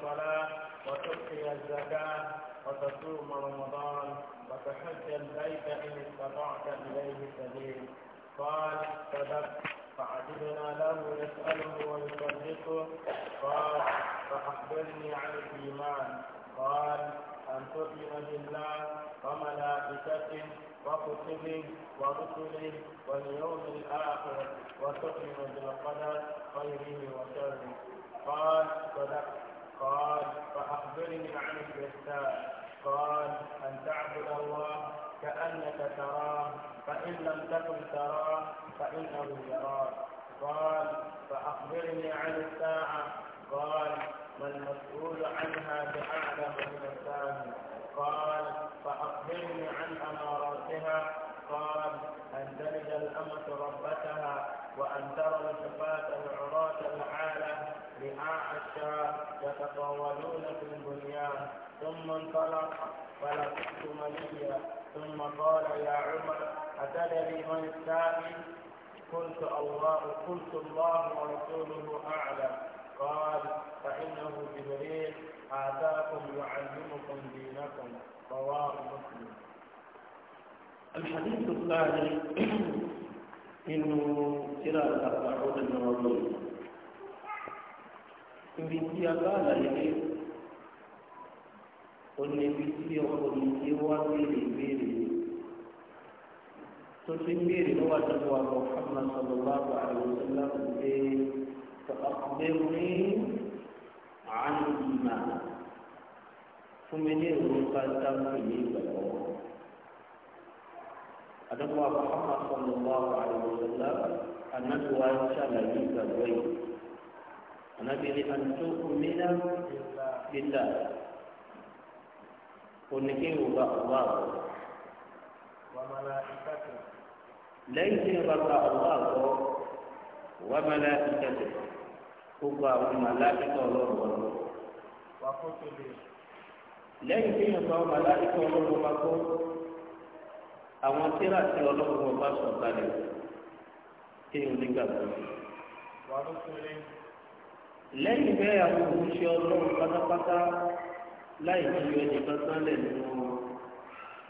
الصلاة وتؤتي الزكاة وتصوم رمضان وتحج البيت إن استطعت إليه سبيل قال صدقت فعجبنا له يسأله ويصدقه قال فأخبرني عن الإيمان قال أن تؤمن بالله وملائكته وكتبه ورسله واليوم الآخر وتؤمن بالقدر خيره وشره قال صدقت قال فأخبرني عن الإحسان قال أن تعبد الله كأنك تراه فإن لم تكن تراه فإنه يراك قال فأخبرني عن الساعة قال ما المسؤول عنها بأعلم من الساعة قال فأخبرني عن أماراتها قال أن تلد الأمة ربتها وأن ترى الصفات العراة العالم لأعشى يتطاولون في البنيان ثم انطلق فلقيت مليا ثم قال يا عمر أتدري من الثاني؟ قلت الله قلت الله ورسوله أعلم قال فإنه جبريل آتاكم يعلمكم دينكم رواه مسلم الحديث الثاني إنه ترى الأربعون النووي ibi tí a bá àlàyé dé ó ní ibi tí ọkọ mi ti wá béèrè béèrè tó ti ń béèrè lọ́wọ́ àtàwọn àwọn Muhammad sallallahu alaihi wasallam pé fàkùnbẹ́rùnì àánúmà fún mi ní ìròyìn pátá fún mi ìgbàgbọ́. àdàbọ̀ àwọn Muhammad sallallahu alaihi wasallam ànágbèwá ṣàlàyé ìgbàgbọ́ yìí anábìrin àtúntò òmìnira bílà oníkéwò bá ọba àgbọ. lẹ́yìn tí wọ́n bá gba ọba àgbọ wọ́n máa lé ìtẹ̀tẹ̀ gbogbo àwọn màláìkà ọlọ́run ọ̀rọ̀. lẹ́yìn tí wọ́n bá wọn màláìkà ọlọ́run ọba àwọn tíra tí ọlọ́run ọba sọ̀kalẹ̀ kí wọ́n nígbàgbọ́. wàá tó tó lẹ́yìn bẹ́ẹ̀ àwọn òṣìṣẹ́ ọlọ́run pátápátá láì ní ìlú ẹni kan sánlẹ̀ nínú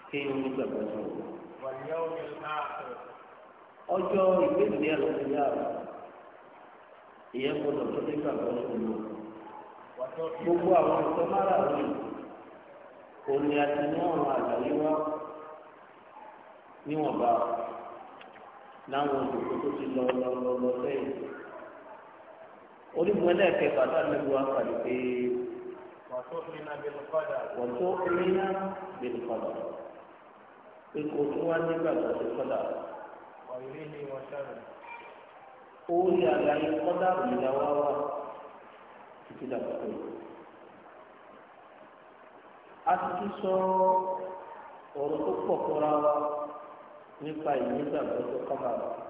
kéwọn nígbàgbọ́ sọ. ọjọ́ ìgbésí àlọ́síyá ìyẹn gbọdọ̀ tó nígbàgbọ́ sọ lọ. gbogbo àwọn ìtọ́ márààrún òní àti ní ọ̀run àgbáyé wá níwọ̀nba láwọn òṣèlú tó ti lọ lọ lọ lọ sẹ́yìn onígun ẹlẹ́ẹ̀kẹfà sálẹ́gbẹ̀ẹ́ wa pàdé pé wọ́n tó nínà bẹ́ẹ̀ kọ́dà pé kò tún wá nígbà tó ti kọ́dà. orí àlàyé kọ́dà ìyá wa wà títí dàgbà tó yẹ. a ti sọ ọ̀rọ̀ tó pọ̀ fúnra wa nípa ìyẹn dàgbà tó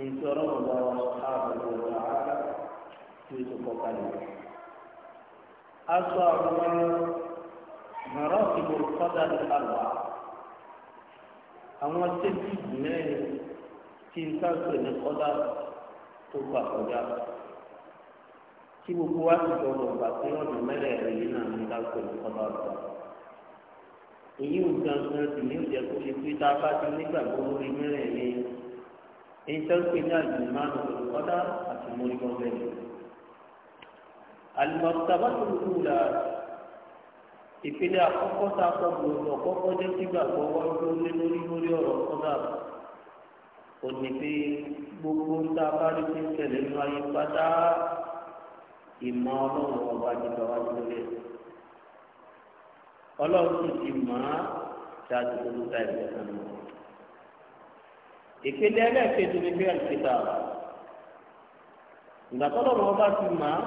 èyí ọlọ́run bá wa ààbò ọ̀gá ara tí ó kọ́ kalẹ̀. aṣọ àwọn mọ̀rọ́ ìbò kọ́dà ní àlọ́ àwọn tẹ́jú mẹ́rin tí n sáfẹ́ ní kọ́dà tó gbà kọjá tí gbogbo wa ti gbọdọ̀ gbà pé ọ̀nà mẹ́rẹ̀ẹ̀rin yìí náà ní sáfẹ́ ní kọ́dà tó èyí ò gangan sì ní ìjẹ́kùn ṣe pé tá a bá ti nígbàgbọ́ lórí mẹ́rẹ̀ẹ̀rin èyí tó ń pè ní àjùmánu ọ̀dà àti mọ́lẹ́kọ́ bẹ́ẹ̀. àlùmọ̀tàbá tó kú la ìpele àkọ́kọ́ tá a kọ́ gbòòrò ọ̀kọ́kọ́ jẹ́ sígbà gbọ́ wọ́n tó lé lórí lórí ọ̀rọ̀ kọ́dà ò ní pé gbogbo tá a bá rí pé ń ayé pátá ìmọ̀ ọlọ́run ọba nípa wájú lórí ẹ̀. ọlọ́run ti mọ̀ á ṣáájú tó ń ta ìgbà náà. ìpele ẹlẹ́ẹ̀kejì ni bí ẹ̀kẹta ìgbà tó ọba ti mà á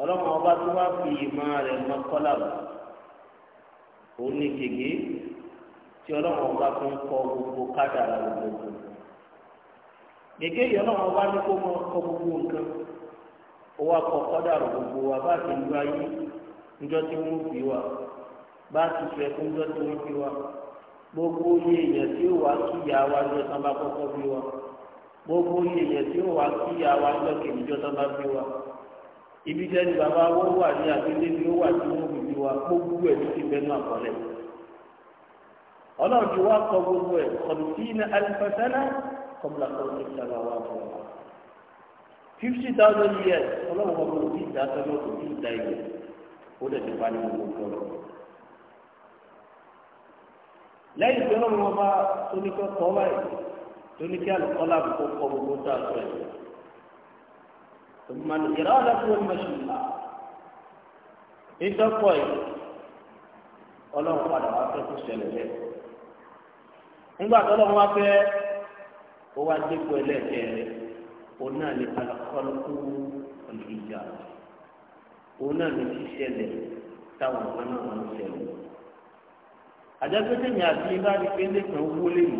ọlọ́mọ ọba tó wá fi ìmọ̀ rẹ̀ mọ kọ́là òun ní gègé tí ọlọ́mọ ọba tó ń kọ gbogbo kádàrà gbogbo gègé yìí ọlọ́mọ ọba ní kó kọ gbogbo nǹkan gbogbo wa bá ti lu ayé níjọ́ tí wọ́n fi wa bá ti fẹ́ fún níjọ́ gbogbo iye èèyàn tí ó wá kí ìyá wa lọ tán bá kọ́kọ́ bí wa gbogbo iye èèyàn tí ó wá kí ìyá wa lọ kejì jọ tán bá bí wa ibi tẹ́ni bàbá wọ́n wà ní abílẹ̀ ni ó wà tí wọ́n bí wa gbogbo ẹ̀ ló ti bẹ́nu àkọlẹ̀ ọlọ́run ti wá kọ gbogbo ẹ̀ kọ̀mùtínà alifasana kọ̀mùlà kọ̀mùtì sábà wà fún wa fifty thousand years ọlọ́run kọ̀mùtì ìdá sọ́dọ̀ kò tí ì dá ìwé ó dẹ̀ ti pa ní gbogbo ọlọ́run. lẹ́yìn tí ọlọ́run wọn bá tóníkẹ́ kọ́ báyìí tóníkẹ́ àlùkọ́lá kò kọ́ gbogbo tá a sọ yìí. ìrà ọ̀dà tó wọ́n mẹ́sì ńlá ìdọ́pọ̀ yìí ọlọ́run padà wá fẹ́ kó ṣẹlẹ̀ bẹ́ẹ̀. nígbà tó ọlọ́run wá fẹ́ ó wá àjẹpẹ́tẹ́ mi àti ibà ni péńdé kan wó lẹ́nu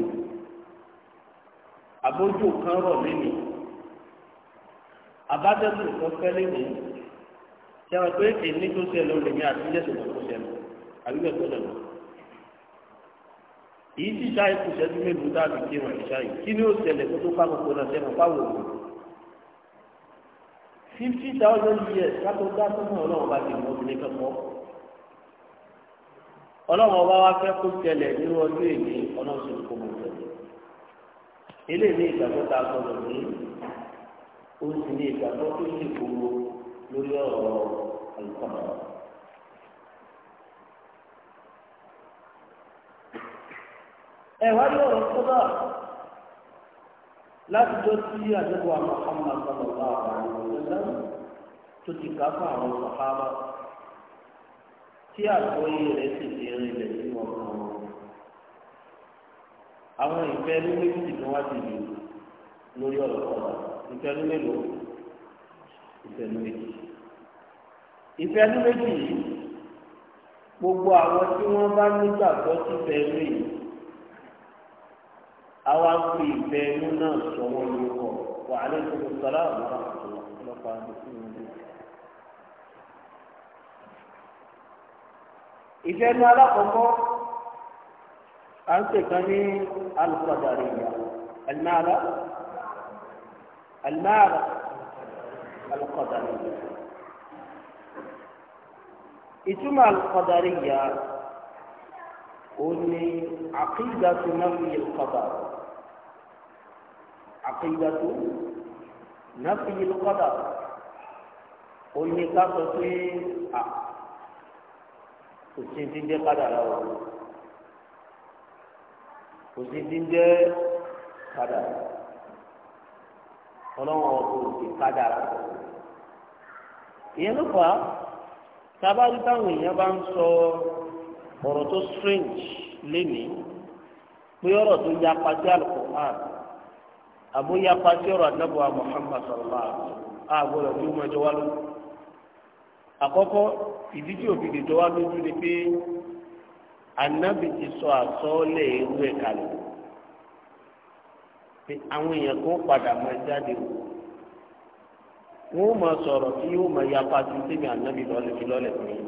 àbójú kan rọ̀ lẹ́nu àbájọ́sùn kan fẹ́ lẹ́nu sẹ́wọ̀n pé èmi tó ṣẹlẹ̀ olè mi àti jẹ́sùn kan tó ṣẹlẹ̀ àbíbẹ̀ tó dọ̀nà èyí tí ìṣá ikú ṣẹ́jú mélòó dáàbì kí wọn ìṣá yìí kí ni ó ṣẹlẹ̀ kó tó fáwọn kó náà sẹ́wọ̀n fáwọn òkú fifty thousand years ká tó dá tó mọ̀ ọlọ́run bá ti mọ̀ ọ́ ọlọ́run ọba wa fẹ́ kó tẹlẹ̀ nínú ọdún èmi ọlọ́run sì kó mọ̀ tẹ̀lé ilé ní ìgbàgbọ́ tá a sọ̀rọ̀ ní o sì ní ìgbàgbọ́ tó ní ìgbòho lórí ọ̀rọ̀ àlùkọ́mọ̀. ẹ̀wá ní ọ̀rọ̀ sọ́dọ̀ látijọ́ sí àdébò àwọn ọmọ àgbàlagbà àwọn ọ̀rọ̀ tó ti kà fún àwọn sàhábà tí àgbóyè rẹ̀ sì ti rinlẹ̀ sí wọn kan wọn. àwọn ìfẹ́ ní méjì ni wọ́n ti lò lórí ọ̀rọ̀ kọ́lá ìfẹ́ ní mélòó ìfẹ́ ní méjì. ìfẹ́ ní méjì yìí gbogbo àwọn tí wọ́n bá nígbàgbọ́ sí ìfẹ́ ní yìí àwa fi ìfẹ́ inú náà sọ wọ́n lórúkọ wàhálà ìfowópamọ́ sọ́lá àwọn ọ̀rọ̀ àti ọ̀pọ̀lọpọ̀ àti ìfowópamọ́. ìfẹ́ ní alákọ̀ọ́kọ́ à ń pèkan ní alùpàdàrìyà alimára alimára alùpàdàrìyà ìtumọ̀ alùpàdàrìyà òní àkìdàtú nàfi ìlùkọ̀dà àkìdàtú nàfi ìlùkọ̀dà òní ká sọ pé à. kò sí ti ń jẹ́ kádàrá kadara kò sí ti ń jẹ́ kádàrá ọlọ́wọ́n kò sí kádàrá ìyẹn ló fà á táwọn èèyàn bá ń sọ ọ̀rọ̀ tó strange lénìí pé ọ̀rọ̀ tó ọ̀rọ̀ àdàbọ̀ àkọ́kọ́ ìdí tí òfin lè jọ wá lójú ni pé anábì ti sọ àsọọ́lẹ̀ irú ẹ̀ kalẹ̀ pé àwọn èèyàn kan padà máa jáde wò wọn ò máa sọ̀rọ̀ tí yóò máa yapa tí tèmi anábì lọ́lẹ̀ fi lọ́lẹ̀ fún yín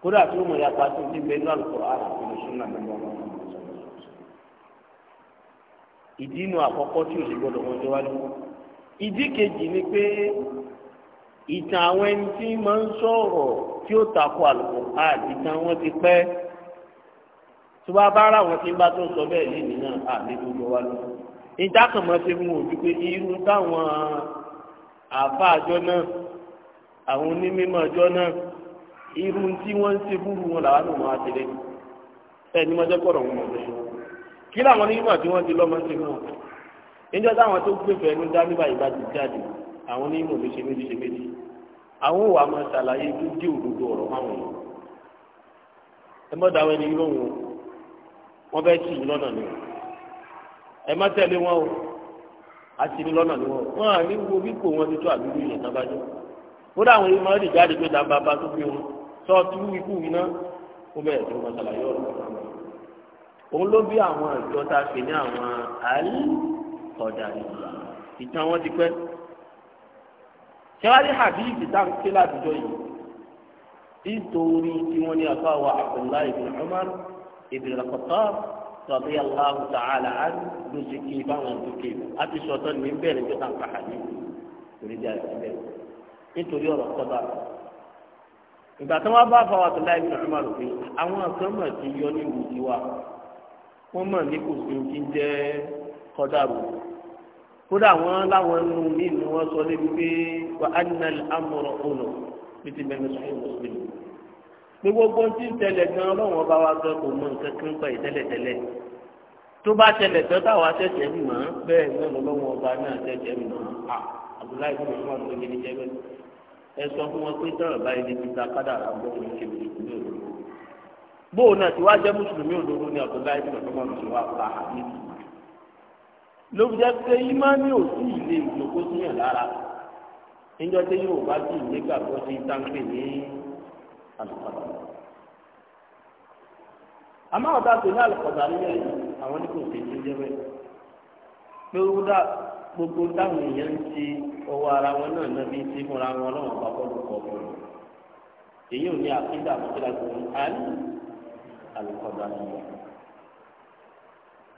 kódà tí yóò máa yapa tí tèmi bẹ́ẹ̀ lọ́lẹ̀ fún ara fún mi sún nàmẹ́ lọ́wọ́ ìdí inú àkọ́kọ́ tí òṣèlú gbọ́dọ̀ wọn jọ wá lójú ìdí kejì ni pé ìtàn àwọn ẹni tí máa ń sọ̀rọ̀ tí ó takò àlùkò àti ìtàn wọn ti pẹ́ tó bá bá ara wọn tí ń bá tó sọ bẹ́ẹ̀ lénìí náà àlejò lọ wá lọ. ìdákànmọ́ ṣe mú òjú pé irú táwọn àfa àjọ náà àwọn onímọ̀ àjọ náà irú tí wọ́n ń ṣe búrú wọn làwọn àwọn máa tẹ̀lé ẹni máa jẹ́kọ̀rọ̀ wọn mọ̀ kí làwọn onímọ̀ tí wọ́n ti lọ́mọ ṣe fún wọn. níjọ́ táwọn tó gbé àwọn onímọ̀ ló ṣe méjì ṣe méjì àwọn òwà máa ṣàlàyé tó dé òdodo ọ̀rọ̀ fáwọn yìí ẹ mọ́ dáwọn ẹni lóhùn o wọ́n fẹ́ tì í lọ́nà ni o ẹ má tẹ̀lé wọn o àti ní lọ́nà ni wọn o wọn à ní wo wípò wọn ti tó àdúgbò yẹn tán bá jọ kódà àwọn yìí máa ń dìjáde pé dáńbà bá tó gbé wọn sọ́ọ̀tù ikú yìí náà ó bẹ̀rẹ̀ tó máa ṣàlàyé ọ̀rọ̀ òun ló bí àwọn ìjọ ta ṣe ní àwọn àlè ọ̀dà ìgbà ìtàn wọn ti pẹ́ tẹ́wájú hadithi tá à ń ké látijọ́ yìí nítorí tí wọ́n ní afa wa abdullahi ibn umar ibn al-khattab radiyallahu ta'ala an ló ṣe kí báwọn tó ké a ti sọ̀tọ́ ní bẹ́ẹ̀ ni tó kàn ká hadithi torí díẹ̀ ti bẹ́ẹ̀ nítorí ọ̀rọ̀ kọ́ba ìgbà tí wọ́n bá fa wa abdullahi ibn umar pé àwọn kan mà ti yọ ní ìwùjì wa wọ́n mà ní kò sí ní jẹ́ kọ́dà rò kódà wọn láwọn nù mí ni wọn sọ débi pé wà á nà amúrò ònà bí ti bẹ̀rẹ̀ sọ fún mùsùlùmí. pé gbogbo tí ń tẹ̀lẹ̀ gan ọlọ́wọ́n bá wa gan kò mọ nǹkan kan pa ìtẹ́lẹ̀tẹ́lẹ̀ tó bá tẹ̀lẹ̀ tán táwa tẹ̀tẹ̀ mì mọ́ náà lọ́wọ́n ọba náà tẹ̀tẹ̀ mì mọ́ abdullahi fún mi wọn ló yẹ ní jẹ́ ẹ sọ fún wọn pé tọrọ báyìí ní títa kádàrà gbọ́ wọn ṣe mùsùlùmí òdodo bóun náà tí wàá jẹ́ mùsùlùmí òdodo ni ló fi jẹ́ pé ìmánì ò sí ilé ìjókòó síyàn lára níjọ́ tí yóò bá sí ilé gbàgbọ́ sí táǹpì ní àlùkọ́dà àmọ́ ọ̀dà tó ní àlùkọ́dà nílẹ̀ yìí àwọn ní kò sí ti jẹ́ bẹ́ẹ̀ pé ó dá gbogbo táwọn èèyàn ń ṣe ọwọ́ ara wọn náà náà bí ń ṣe fúnra wọn lọ́wọ́n bá bọ́ọ̀lù kọ̀ọ̀kan èyí ò ní àfíńdà àbúkílà tó ń àlùkọ́dà nílẹ̀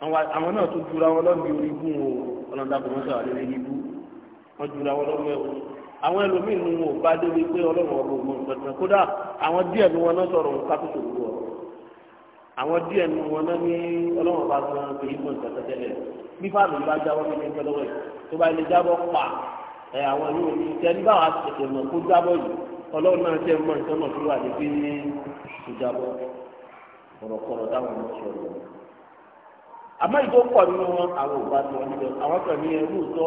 àwọn náà tó jura wọn lọ́bi orí ibú o ọlọ́dàbọ̀ wọn sọ̀rọ̀ lórí ibú wọn jura wọn lọ́wọ́ ẹ̀wọ̀ àwọn ẹlòmíín nu wọn bá débi pé ọlọ́run ọ̀bọ̀ ògbó nǹkan kódà àwọn díẹ̀ nu wọn náà sọ̀rọ̀ kápẹ́tò òwú ọ̀ àwọn díẹ̀ nu wọn náà ní ọlọ́run ọba gan pé ìbò nǹkan tẹ́tẹ́lẹ̀ bí fáàmì bá jábọ́ ní ẹgbẹ́ lọ́wọ́ ẹ̀ tó bá ilé jábọ́ pa ẹ̀ àwọn yóò ní ìtẹ́ nígbà wàá tètè mọ̀ kó jábọ́ yìí ọlọ́run náà àmọ́ ìjọ pọ̀ nínú wọn àwọn òbá tó wọn níbẹ̀ àwọn kan ní ẹrú sọ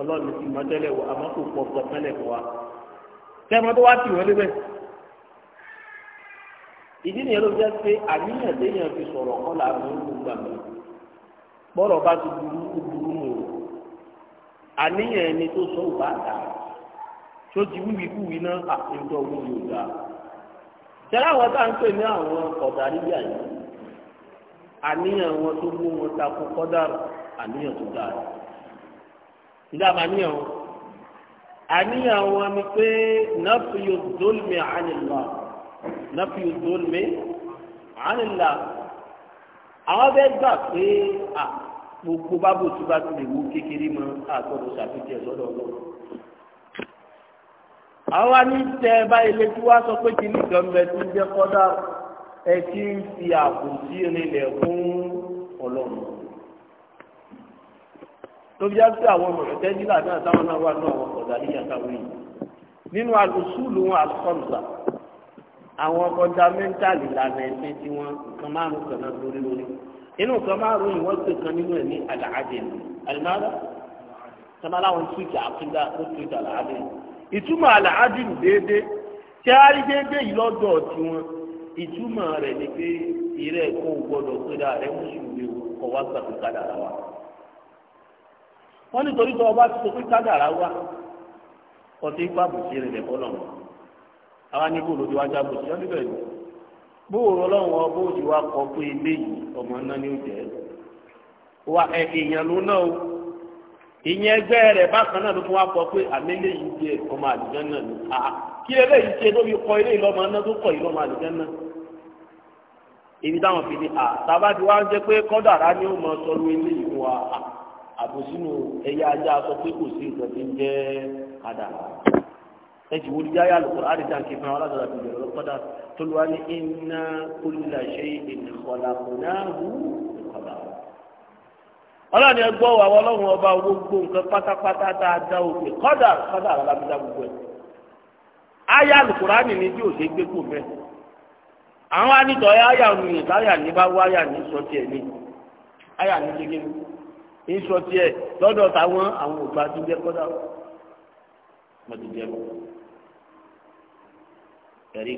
ọlọ́run ti mọ tẹ́lẹ̀ wọ àmọ́ kò pọ̀ pọ̀ tẹ́lẹ̀ fún wa tẹ́mọ́ tó wá tì wọ́n lébẹ̀. ìdí nìyẹn ló jẹ́ pé àníyàn téèyàn fi sọ̀rọ̀ kọ́ làwọn olùkọ́ gbà mí bọ́lọ̀ bá ti burú kú burú mọ́ o àníyàn ẹni tó sọ òbá dà tó ti wíwí kúwí náà àti ìjọ wíwí ò dáa. tẹ́lá àwọn táà ń pè ní àwọn ọ̀dà níbi àyè àníyàn wọn tó mú wọn takò kọ́dàrú àníyàn tó dáa nígbà máa níyàn wọn àníyàn wọn ni pé nàfíyò dólmi ànilá nàfíyò dólmi ànilá àwọn bẹ gbà pé à gbogbo bá bò tí bá ti lè wú kékeré mọ àtọdọ ṣàfihàn sọ́dọ̀ Ọlọ́run àwọn ní tẹ báyìí létí wá sọ pé kìnnìkan bẹ tí ń jẹ kọ́dàrú ẹ ti ń fi àbòsí rinlẹ̀ fún ọlọ́run tóbi já sí àwọn ọmọ ìfẹ́ nílà náà táwọn náà wà ní àwọn ọ̀dà ní yàtàwé yìí nínú alùsùlù wọn àlùkọ́mùsà àwọn fọndamẹ́ntàlì lànà ẹ̀sìn tí wọ́n kan márùn-ún kan náà lórí lórí inú kan márùn-ún yìí wọ́n ti kan nínú ẹ̀ ní àlàádẹ́nu àlùmáàdà sọmọlá wọn túwìtì àfúndà ó túwìtì àlàádẹ́nu ìtumọ̀ àlàádẹ́nu déédéé tí a rí déédéé yìí lọ́dọ̀ tiwọn ìtumọ̀ rẹ̀ ni pé ìrẹ́ kó o gbọ́dọ̀ sódà rẹ̀ mùsùlùmí kọ̀ wá wa. wọ́n ní torí ọba ti sọ wa ọtí ipá bùsí rẹ̀ lẹ́kọ́ náà àwa ní bóòlù tí wàá já bùsí ọ́ níbẹ̀ ni ọlọ́run wa kọ pé ọmọ náà ìyẹn ẹgbẹ́ rẹ̀ bákan náà ló fún wa kọ pé àmì eléyìí jẹ ọmọ àlùjẹ́ náà ni a kí eléyìí ṣe tó fi kọ eléyìí lọ́mọ náà tó kọ yìí lọ́mọ àlùjẹ́ náà ibi táwọn fi ni a tàbá ti wá ń jẹ pé kọ́dàrá ni ó mọ sọ́rọ́ eléyìí fún wa àbòsínú ẹ̀yà ajá sọ pé kò sí nǹkan tí ń jẹ́ kádàrá ẹjì wo dídá yà lùkọ́ àdìdá kí fún wa ládàá ti tó lọ́wọ́ ọlọ́ni ẹgbọ́ wa ọlọ́run ọba gbogbo nǹkan pátápátá tá a dá òkè kọ́dà kọ́dà alábídá gbogbo ẹ̀. aya alukurani ni bí òṣè gbé kò mẹ́. àwọn ní bá wáyà ní sọ tiẹ̀ ní. aya ní ṣe ní sọ tiẹ̀ lọ́dọ̀ táwọn àwọn tó jẹ́ kọ́dà ti jẹ́ ẹ̀rí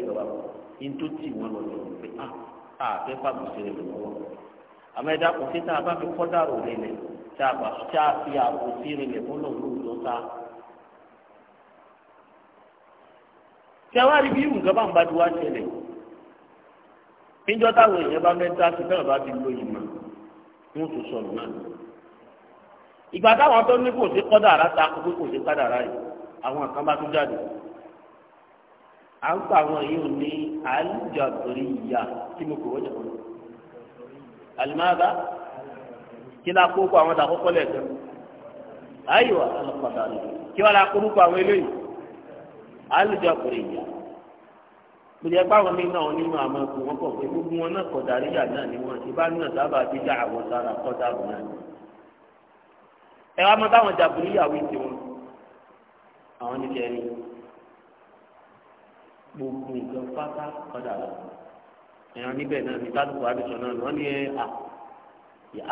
ní àmọ́ ẹ̀dá kò sí tá a bá fi kọ́dà rò lélẹ̀ tá a bá tá a fi àbò sí rinlẹ̀ fún lòlù tó ta. tí a wá rí bí irú nǹkan bá ń bá ti wá ṣẹlẹ̀ níjọ́ táwọn èèyàn bá mẹ́ta sí náà bá ti lo ìmọ̀ ní oṣù sọ̀rọ̀ náà. ìgbà táwọn tó ní kò sí kọ́dà ara ta kó kò sí kọ́dà ara yìí àwọn kan bá tún jáde à ń pa àwọn yìí ní àlùjọ ìyá tí mo kò wọ́n jẹ̀ wọ́n alimaba kí la kó kó àwọn takókó lẹ́tọ́ ayiwa alakọtari kí wọn la kúrú kó àwọn eléyìí alùjọ kúrò ìyá kùdìẹ báwọn mi náà nínú àmọ́ kò wọn kọ pé gbogbo wọn náà kọdàrí yà náà ni wọn ìbá náà sábà ti dá àwọn sára kọjá àwọn náà ẹ wá mọ táwọn jàbùrú ìyàwó ti wọn àwọn níbi ẹni gbogbo nǹkan pátá kọjá àwọn èèyàn níbẹ̀ náà ní sádùkú àdùsọ náà wọ́n ní ẹ à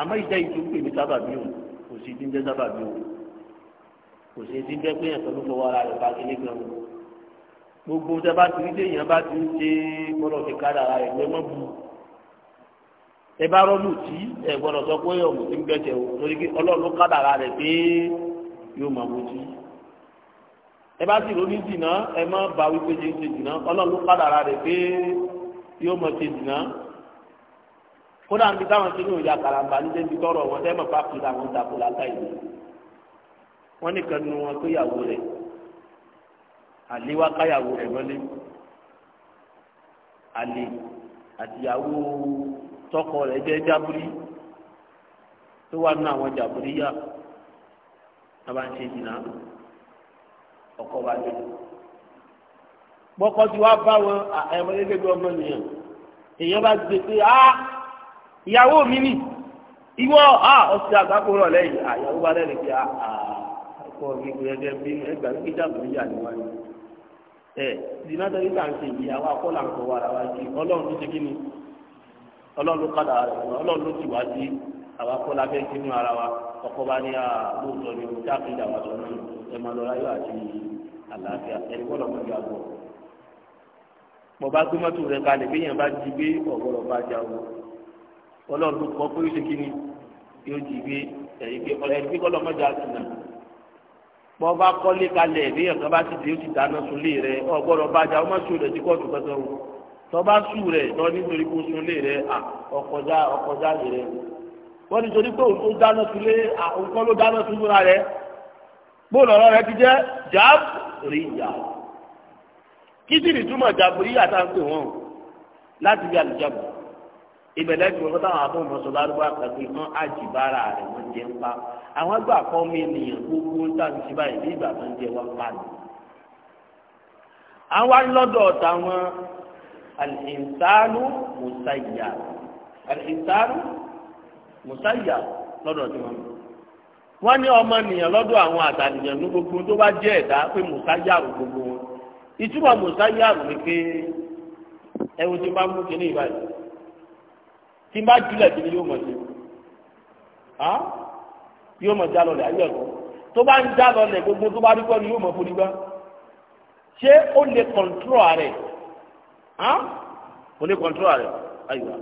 àmọ́ ìjà yìí tó ń pè ní sábàbí òun kò sí ti ń jẹ́ sábàbí òun kò sí ti ń jẹ́ pé èèyàn pẹ̀lú fọwọ́ ara rẹ̀ bá kíní gan o gbogbo tẹ bá ti rí tí èèyàn bá ti ń ṣe kọ́lọ̀ ti ká dára rẹ̀ pé wọ́n bu ẹ bá rọ́ọ̀lù tí ẹ gbọ́dọ̀ sọ pé ọ̀mù ti ń gbẹ̀jẹ̀ o torí pé ọlọ́run ká dára rẹ̀ pé yóò máa mojú ẹ bá sì ronú jìnnà ẹ má ba wípé ṣe ń ṣe jìnnà ọlọ́run ká dára rẹ̀ pé tí ó mọ ti dùnà kódà níbi táwọn ti ní òòyà karamba ní débi tọrọ wọn dẹ́mọ̀ bá fi làwọn dàpọ̀ látà ìlú wọn nìkan nu wọn tó yàwó rẹ̀ àléwá káyàwó rẹ̀ mọ́lé àlè àtìyàwó tọkọ rẹ̀ jẹ́ jábúrí tó wà nínú àwọn jábúrí yá náà bá ń ṣe jìnnà ọkọ bá dé bọ́kọ tí wàá bá wọn ẹ̀mọ́lẹ́gbẹ́ bí ọmọ nìyẹn èèyàn bá gbé pé a ìyàwó mi nì ìwọ a ọsẹ àgbákò rọ lẹ́yìn àyàwó wa lẹ́yìn pé a àkọ gbígbé ẹgbẹ́ bí ẹgbà gbígbé jàmbá níyà ni wọn ẹ dìnnà tó ní ká ń ṣe yìí akọ́là ń kọ́ wàrà wá sí ọlọ́run ló ṣe kí ni ọlọ́run ló kádà rẹ̀ ọlọ́run ló ti wá sí àwọn akọ́là bẹ́ẹ̀ kí nínú ara wa ọkọ̀ bá ní a ni o jákèjì àwọn àtọ̀ náà ẹ máa lọ mo bá gbé mọ́tò rẹ kalẹ̀ bí èèyàn bá jí gbé ọ̀gbọ́dọ̀ bá jà o ọlọ́run ló kọ́ pé ó ṣe kí ni yóò jí gbé ẹ̀yìn pé ọ̀rẹ́ ẹni pé kọ́lọ́ mọ́jà sì nà mo bá kọ́lé kalẹ̀ bí èèyàn kan bá ti dé ó ti dáná sun lé rẹ ọ̀gbọ́dọ̀ bá jà ó má sùn rẹ̀ tí kóòtù kankan o tọ́ba sù rẹ̀ lọ nítorí kó sun lé rẹ ọkọjá ọkọjá lè rẹ wọ́n nítorí pé òun dáná sun lé kí sì ní túmọ̀ jàbùrí àti àpè wọn láti bí àlùjábù ìbẹ̀lẹ̀ tí wọ́n táwọn abọ́mọ sọ lárúbá pẹ̀lú kan àjìbára rẹ̀ wọ́n jẹ́ ń pa àwọn ẹgbẹ́ àkọ́mọ ènìyàn gbogbo ń tà ní síbá ìdí ìgbà tó ń jẹ wọ́n pa ni. àwọn alọ́dọ̀ táwọn alìsánú mùsáyà alìsánú mùsáyà lọ́dọ̀ tí wọ́n wọ́n ní ọmọ nìyàn lọ́dọ̀ àwọn àtàlìyàn ní gbogbo tó bá jẹ́ ẹ̀dá pé mùsáyà gbogbo ìtumọ̀ musa yà rò ní pé ẹ̀wọ̀n tí bá mú kíní ìbáyìí tí bá jùlẹ̀ kíní yóò mọ̀ sí yóò mọ̀ já lọlẹ̀ ayé ẹ̀kọ́ tó bá ń já lọlẹ̀ gbogbo tó bá rí pẹ́lú yóò mọ̀ forí gbá ṣé ó lè kọ̀ǹtúrò rẹ̀ ó lè kọ̀ǹtúrò rẹ̀ ayọ̀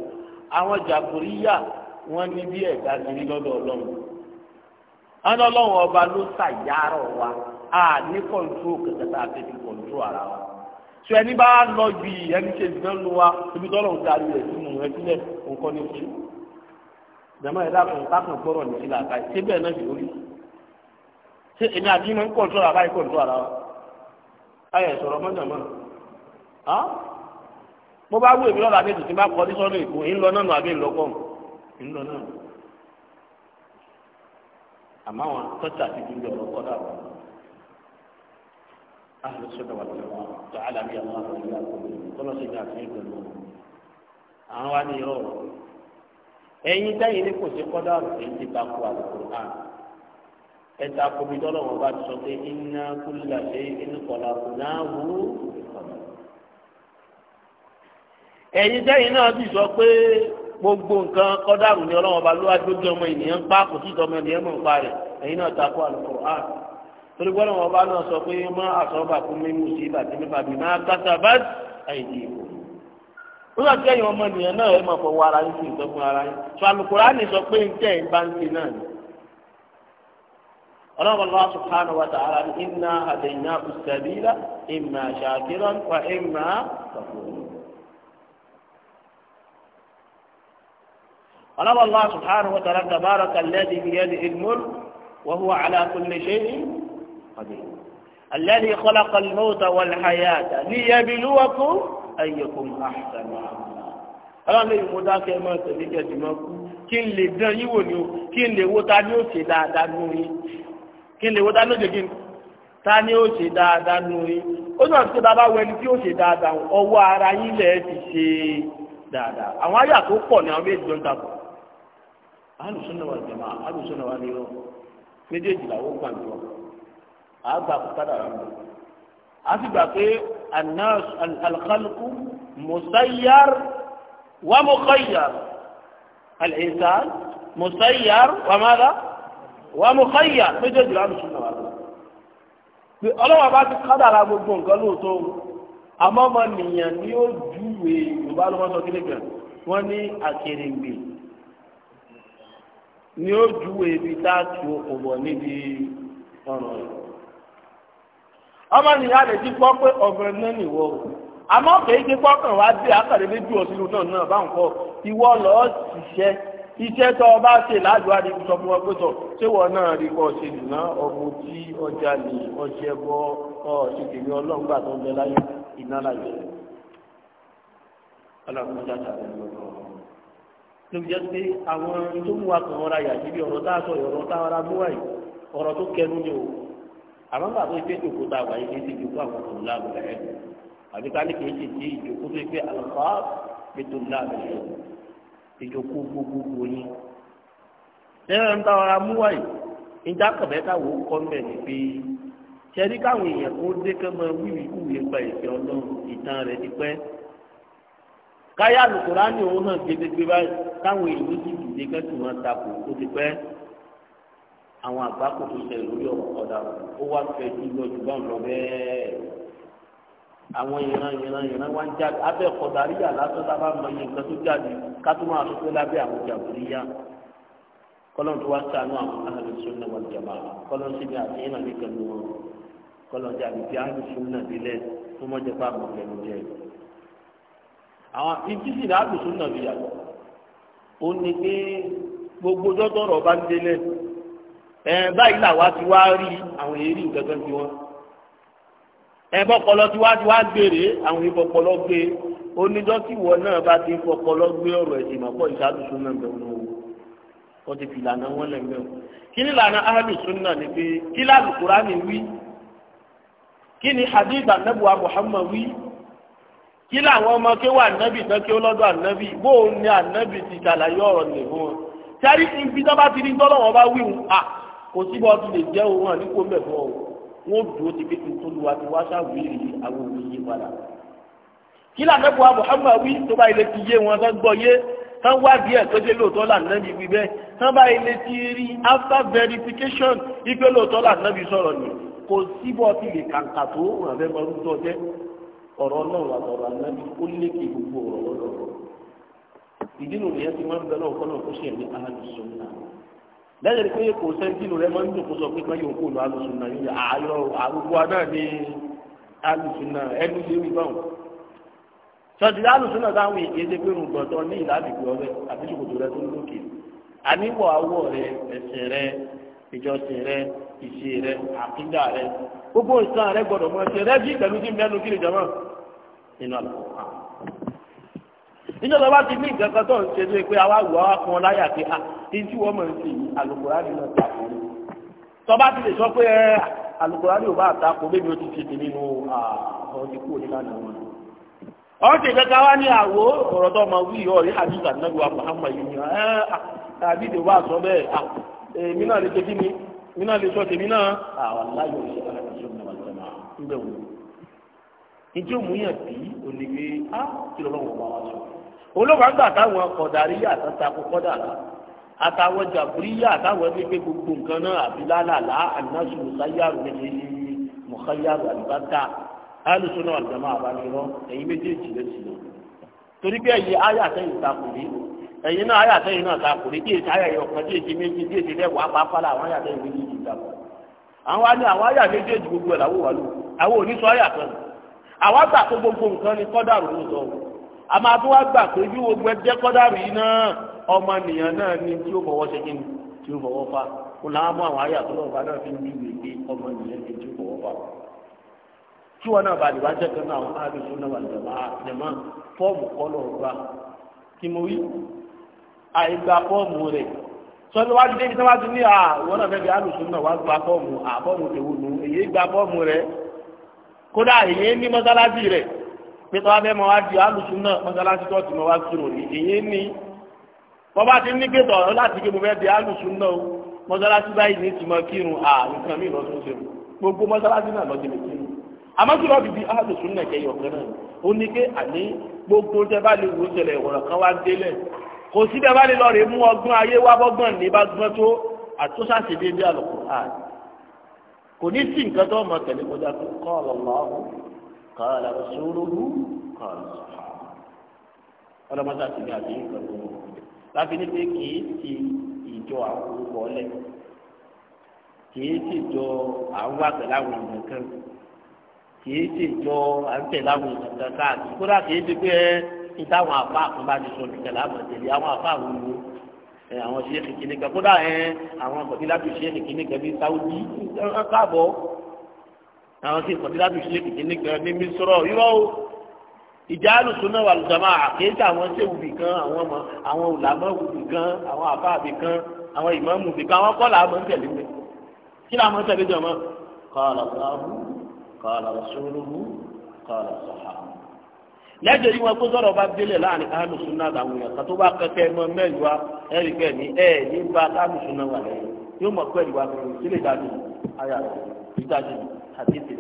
àwọn jàkúrìyà wọn ní bí ẹ̀dá kiri lọ́dọ̀ ọlọ́run ọlọ́run ọba ló ṣàyàrọ̀ wa a ní kọ̀ǹtró kẹ̀kẹ́ tá a fẹ́ fi kọ̀ǹtró ara wa tí ẹni bá lọ bí ẹni ṣe ìdán lu wa ibi tọ́lọ̀ ń darí rẹ̀ sínú rẹ̀ sílẹ̀ nǹkan ní fi jàmọ́ ẹ̀dá kan kákan gbọ́rọ̀ ní sílẹ̀ àbáyé ṣé bẹ́ẹ̀ náà yóò rí ṣé èmi àti ìmọ̀ ń kọ̀ǹtró àbáyé kọ̀ǹtró ara wa ayẹ̀ sọ̀rọ̀ mọ́jà mọ́ bó bá wù èmi lọ́la méjì tí bá kọ́ ní sọ́nà èkó ńlọ náà nù àbí ńlọkọ̀ ńlọ náà àmọ́ àwọn tọ́jà ti dúró ọ̀rọ̀ kọ́ dà wọ́n. أهل السنة والجماعة تعالى بي الله وإياكم كل شيء فيكم àwọn wa ni yọ ọ ẹ̀yin dáyìí ní kò sí kọdà ẹ̀yin ti ta ko Al-Qur'an ẹ ta ko bí dọlọ wọn bá ti sọ pé inna kulla shay'in khalaqnahu ẹ̀yin dáyìí náà ti sọ pé gbogbo nǹkan kọdà ní ọlọ́wọ́n bá ló wá ọmọ ènìyàn ń pa kò sí ìtọ́mọ ènìyàn mọ̀ ń pa rẹ̀ ẹ̀yin náà ta ko al torí gbọ́dọ̀ wọn bá náà sọ pé má àsọ́bà fún mú sí bàtí nípa bí má bá àìdí ìbò nígbà tí ẹ̀yin ọmọ ènìyàn náà ẹ̀ máa fọwọ́ ara yín sí ìtọ́kùn ara yín sọ ni sọ pé ń tẹ̀ ń bá ń ṣe náà ni ọlọ́run lọ́wọ́ subhanahu wa ta'ala ní inna hadaynahu as-sabila imma shakiran wa imma kafura. ọlọ́run lọ́wọ́ subhanahu wa ta'ala tabaraka alladhi biyadihi al-mulk wa huwa ala kulli shay'in قدير الذي خلق الموت والحياة ليبلوكم أيكم أحسن عملا ọlọ́run lè mú dákẹ́ máa tẹ̀lé kẹ́sì máa kú kí n lè dán yín wò ni o kí n lè wo ta ni ó ṣe dáadáa nù yín kí n lè wo ta ni ó ṣe kí n ta ni ó ṣe dáadáa nù yín ó ní àti bàbá wo ẹni tí ó ṣe dáadáa ọwọ́ ara yín lẹ̀ ti ṣe dáadáa àwọn àyà tó pọ̀ ní àwọn méjì ló ń takò alùsùn náà wà jẹ̀mọ́ alùsùn náà wà ní irọ́ méjèèjì làwọn gbàgbọ́ àgbà kúkádà rà mọ àti gbà pé anas alkhalku musayyar wa mukhayyar al-insan musayyar wa mada wa mukhayyar méjèèjì rà mùsùlùmí wà lọ. pé ọlọ́wọ́ bá ti kádàrà gbogbo nǹkan lóòótọ́ àmọ́ ọmọ nìyẹn ni ó júwe yorùbá ló máa sọ kí nìkan wọ́n ní àkèrègbè ni ó júwe ibi tá a tu òkùnbọ̀ níbi ọ̀ràn rẹ̀ ọmọ nìyá rẹ̀ ti gbọ́ pé ọ̀gbìn náà nìwọ o àmọ́ kèé ti kọ́kàn wá dé akàdédé ju ọ̀sìn náà náà bá ń kọ́ ìwọ lọ́ọ́ ṣiṣẹ́ iṣẹ́ tó o bá ṣe láàdúrà ní sọ fún ọgbẹ́ tó ṣé wọn náà rí kọ́ ṣe dùnà ọmọ tí ọjà lè ọṣẹ bọ́ ọ ṣe kèmí ọlọ́run gbà tó ń bẹ láyé iná láyé ọlọ́run jáde àbẹ̀wò lóbi jẹ́ pé àwọn tó mú wa kàn ọ́ra yàtí bí ọ̀rọ̀ tá a sọ ọ̀rọ̀ tá a ra mú wáyé ọ̀rọ̀ tó kẹnu ni o àmọ́ nígbà tó ṣe ìjókòó tá a wà yìí kì í ṣe ìjókòó àwọn tó ń lá àbẹ̀rẹ̀ ẹ̀ àbí ká ní kì í ṣe ti ìjókòó tó ṣe àlùfá pé tó ń lá àbẹ̀rẹ̀ ẹ̀ ìjókòó gbogbogbò ni. ẹ̀rọ ń táwọn amúwá yìí ìjà kọ̀bẹ́ káwọ́ kọ́ mẹ́ ni pé ṣẹ́rí káwọn èèyàn kó dé kẹ́ mọ wíwì kúwì pa ìfẹ́ ọlọ́run ìtàn rẹ̀ ti pẹ́ káyà lùkùránì òun hàn gbẹgbẹgbẹ báyìí káwọn èèyàn ti dìde kẹ́tù àwọn àgbákò tó ṣe lórí ọ̀dà ó wá fẹ́ ju lọ́jú bá ń lọ bẹ́ẹ̀ àwọn ìran ìran ìran wá ń jáde abẹ́ kọ̀dáríyà lásán tá a bá mọ iye nǹkan tó jáde ká tó máa sọ́kọ́ lábẹ́ àwọn jàbúríyà kọ́lọ́n tó wá sànú àwọn ahlu sunna wal jamaa kọ́lọ́n síbi àti ìran ní kẹlú wọn kọ́lọ́n jẹ́ àbíkí ahlu sunna nílẹ̀ tó mọ́ jẹ́ pàmò kẹlú jẹ́ àwọn ìjísì ní ahlu sunna bìyà ó ní pé gbogbo dọ́tọ̀rọ̀ bá ń délẹ̀ ẹ báyìí làwa ti wá rí àwọn èrì nǹkankan bí wọn ẹ bọpọlọ tí wá ti wá gbèrè àwọn ìfọpọlọ gbé onídọ́ tí ìwọ náà bá ti fọpọlọ gbé ọ̀rọ̀ ẹ̀sìn mọ̀pọ̀ ìṣáàdùsọ náà bẹ̀rù náà wò wọ́n ti fi ìlànà wọn lẹ̀ mẹ́wọ̀n kí ni ìlànà ahlùsùn náà ni pé kí lálùkùránì wí kí ni hadith anabuwa muhammad wí kí làwọn ọmọ kí wà nábì tán kí ó lọ́dọ̀ ànábì bóun ni ànábì ti ṣàlàyé ọ̀rọ̀ nìkan wọn. sẹ́rí ibi tó bá ti ní tọ́lọ́wọ́n bá wíwù à kò sí bọ́ọ̀tù lè jẹ́ òun hàn nípò mẹ́fọ́ o wọ́n dúró ti pété tó lu àti wáṣà wíìrì àwọn òun yé padà. kí lànàbọ̀ Muhammad wí tó bá ilé ti yé wọn tó gbọ́ yé tán wá bí ẹ̀ tó dé lóòótọ́ lànàbí wí bẹ́ẹ̀ tán bá ilé ti rí after verification ipe lóòótọ́ lànàbí sọ̀rọ̀ ni kò sí bọ́ọ̀tù lè kàǹkà tó hàn fẹ́ mọ́ lóòótọ́ jẹ́ ọ̀rọ̀ náà àtọ̀rọ̀ ànàbí ó lékè gbogbo ọ̀rọ̀ lọ́dọ̀ ìdí lẹ́yìn pé kò sẹ́ńtìnù rẹ máa ń dùn kó sọ pé káyọ̀ kó lu alùsùnà yìí àárọ̀ àrùkù aná ní alùsùnà ẹnu ṣe wí báwọn. sọ̀tì alùsùnà táwọn èké ṣe pé rògbòn tán ní ìlàbìgbé ọ̀rẹ́ ṣòkòtò rẹ tó lókè àníwọ̀ awọ rẹ ẹsẹ̀ rẹ ìjọsìn rẹ ìṣe rẹ rẹ gbogbo rẹ gbọdọ̀ níjọba bá ti ní ìkankan tó ń ṣe lé pé àwa wù àwa kan láyà pé a ti tí wọ́n mọ̀ ń ṣe yìí àlùkùránì náà tako tọ́ba ti lè sọ pé ẹ àlùkùránì ò bá tako bébí o ti ṣe tèmi nù àwọn ti kú onílànà wọn. ọ̀hún ṣe kankan wá ní àwo ọ̀rọ̀ tó ọmọ wí ọ̀rí hadith anagba Muhammad yìí ni àbí ìdè wà sọ bẹ́ẹ̀ èmi náà lè ṣe kí ni èmi náà lè sọ tèmi náà àwọn aláyọ̀ ìṣẹ́ aláìsàn ìjọ mú yàn olóòwò àgbà táwọn kọ̀dáríyà àtàtàkù kọ́dàrà àtàwọn jàbúríyà àtàwọn ẹgbẹ́ gbogbo nǹkan náà àbílálàlá ànáṣu mùsáyàrù méjèèjì mùsáyàrù àlùbáta alùsùnà àjàmá àbánirọ ẹ̀yin méjèèjì lè sí lọ. torí pé ẹ̀yin ayé àtẹ̀yìn takùrí ẹ̀yin náà ayé àtẹ̀yìn náà takùrí díè sí ayé ọ̀kan díè sí méjì díè sí lẹ́wọ̀ apáfálà àwọn ayé àtẹ̀yìn méjèèjì takùrí. àwọn á ní àwọn ayé méjèèjì gbogbo ẹ̀ a máa tún wá gbà pé bí gbogbo ẹjẹ kọ́dàrú yìí náà ọmọ nìyàn náà ni tí ó fọwọ́ ṣe kí ni tí ó fọwọ́ fa kó làá mú àwọn àyà tó lọ́wọ́ bá náà fi ń bí ìwé pé ọmọ nìyàn ni tí ó fọwọ́ fa. tí wọn náà bá lè wá jẹ́kẹ́ náà àwọn àbí sọ́nà wà jẹ̀mọ́ fọ́ọ̀mù kọ́ lọ gbà kí mo wí àìgbà fọ́ọ̀mù rẹ̀ sọ́dọ̀ wájú débi tí wọ́n ti ní àwọn náà fẹ́ẹ́ fi àlùsùn náà wá gba fọ́ọ̀mù àfọ́ọ̀mù tèwọ́nù èyí gba fọ́ọ̀mù rẹ̀ kódà èyí ní mọ́sálásí rẹ̀ pété wá fẹ́ mọ wá di alùsùn náà mọ́sálásí tó ti mọ wá kírun ní èyí ni bọ́bá ti ní pété ọ̀rọ̀ láti ké mo fẹ́ di alùsùn náà mọ́sálásí báyìí ní ti mọ kírun à nǹkan mi lọ tún ṣe gbogbo mọ́sálásí náà lọ ti lè kírun àmọ́ kí lọ́ọ́ fi di alùsùn náà kẹyọ̀ kan náà ó ní pé àní gbogbo tẹ́ bá lè wò ṣẹlẹ̀ ìwọ̀ràn kan wá délẹ̀ kò sí tẹ́ bá lè lọ rè mú ọgbọ́n ayé wá bọ́gbọ́n ní bá gbọ́n tó àtúnṣàṣe déédéé àlùkò ààrẹ kò ní sí nǹkan tó mọ tẹ̀lé tó kọ́ ọ̀lọ́lọ́ ọ̀hún قال رسوله قال الصحابة ọlọmọdé àti ní àbí nǹkan tó wọn láti ní pé kì í ti ìjọ àkókò lẹ kì í ti jọ àwọn àgbẹ̀ láwọn èèyàn kan kì í ti jọ àǹtẹ̀ láwọn kódà kì ti pé níta àwọn àfa kan bá ti sọ nìkan láwọn tẹ̀lé àwọn àfa àwọn wo àwọn ṣe é kìkìnìkan kódà àwọn àkọsílẹ̀ àti ṣe é kìkìnìkan bíi sáwùdí káàbọ̀ àwọn tí ìkọ̀tí láti ṣe kìkì nìkan ní mísírọ̀ irọ́ o ìjà alùsùnà wà lùjàmá àkéjà àwọn sẹ́wùbì kan àwọn ọmọ àwọn òlàmọ́wùbì kan àwọn àbáàbì kan àwọn ìmọ̀mùbì kan àwọn kọ́là àmọ́ ń tẹ̀lé mi kí ni àmọ́ tẹ̀lé jọmọ́ kọ́là sáàbù kọ́là sọ́lùmù kọ́là sàhàmù. lẹ́jọ́ yìí wọn kó sọ̀rọ̀ bá délé láàrin alùsùnà àtàwọn èèyàn kan tó bá kẹ́kẹ́ mọ́ mẹ́rin wa ẹ̀rí bẹ́ẹ̀ ni ẹ̀ ní bá alùsùnà wà lẹ́yìn yóò mọ̀ pẹ́ẹ́lú wa kò sílẹ̀ dájú ayà ìdájú àdìsí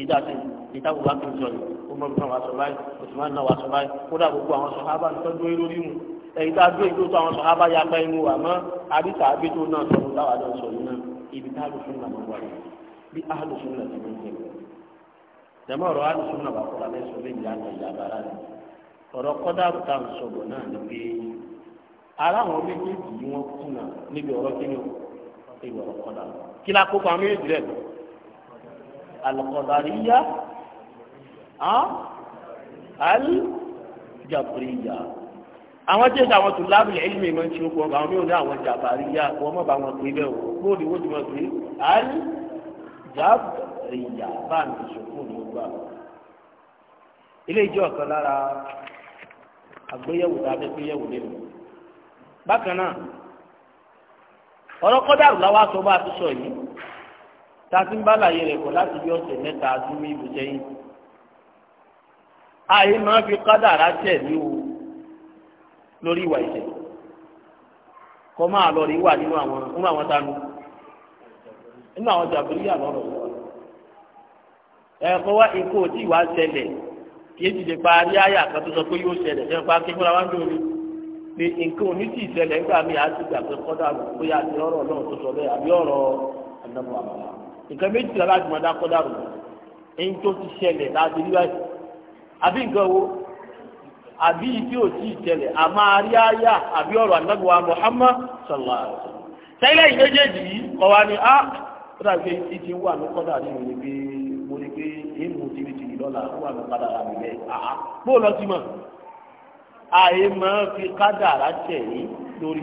ìdá àti ìdá gbogbo akéwì sọ yìí ó mọ bíi àwọn sọ̀báyì òṣùmáà náà wà sọ̀báyì kódà gbogbo àwọn sọ̀hábà ń tọ́jú lórí mu ẹ̀yìn tá a dúró ìdó tó àwọn sọ̀hábà ya pẹ́ inú wa mọ́ àdìsá abétó náà sọ táwa náà sọ náà ibi tá a lò fún nàmọ́ wa yìí bí a lò fún nàmọ́ wa yìí dẹ̀mọ́ ọ̀rọ̀ a lò fún nàmọ́ wa kọ́ra lẹ́sọ̀ lé ìyá àgbà ìyá àbára rẹ̀ ọ̀rọ̀ kọ́dà tá à ń sọ̀bọ̀ náà القدرية الجبرية àwọn tí èdè àwọn tó lábìlì ẹlẹ́mì ìmọ̀ tí ó kọ́ àwọn mí ò ní àwọn jàbàríyà wọ́n mọ̀ bá wọn pè bẹ́ẹ̀ o kó ni wọ́n ti wọ́n pè àìjàbàríyà bá ń ṣòfò ní ọgbà. ilé ìjọ ọ̀kan lára àgbéyẹ̀wò tàbí gbéyẹ̀wò lẹ́nu. bákan náà ọ̀rọ̀ kọ́dà làwọn aṣọ bá ti sọ yìí tàbí ń bá láyé rẹ̀ kọ́ láti bí ọ̀sẹ̀ mẹ́ta sí ní ìlú sẹ́yìn. àyè máa fi kádàrá tẹ̀ ní o lórí ìwà ìṣẹ̀ kọ́ máa lọ rí wà nínú àwọn nínú àwọn tánu nínú àwọn jàbúrìyà lọ́rọ̀ ẹ̀kọ́ wá ikú tí ìwà ṣẹlẹ̀ kí èsì lè pa rí àyà kan tó sọ pé yóò ṣẹlẹ̀ ṣẹ́ pa kí fúnra wá ń dùn mí pé nǹkan ò ní sì ṣẹlẹ̀ nígbà míì á ti pé kọ́dà bóyá àti ọ̀rọ̀ náà tó sọ bẹ́ẹ̀ àbí ọ̀rọ̀ àdàbọ̀ àmàlà. nǹkan méjì la láti máa dákọ́ dàrú ẹni tó ti ṣẹlẹ̀ láti rí báyìí àbí nǹkan wo àbí tí ò tí ì ṣẹlẹ̀ àmọ́ aríyáyá àbí ọ̀rọ̀ ànágbèwà Muhammad sallallahu tẹ́lẹ̀ yìí méjèèjì yìí kọ́ wa ni a ah! ó dàbí pé ti ti wà ní kọ́dà ní ìrìn pé mo pé èèmù tìrìtìrì lọ́la ó wà ní àá ah, ah. bó lọ sí àyè máa fi lórí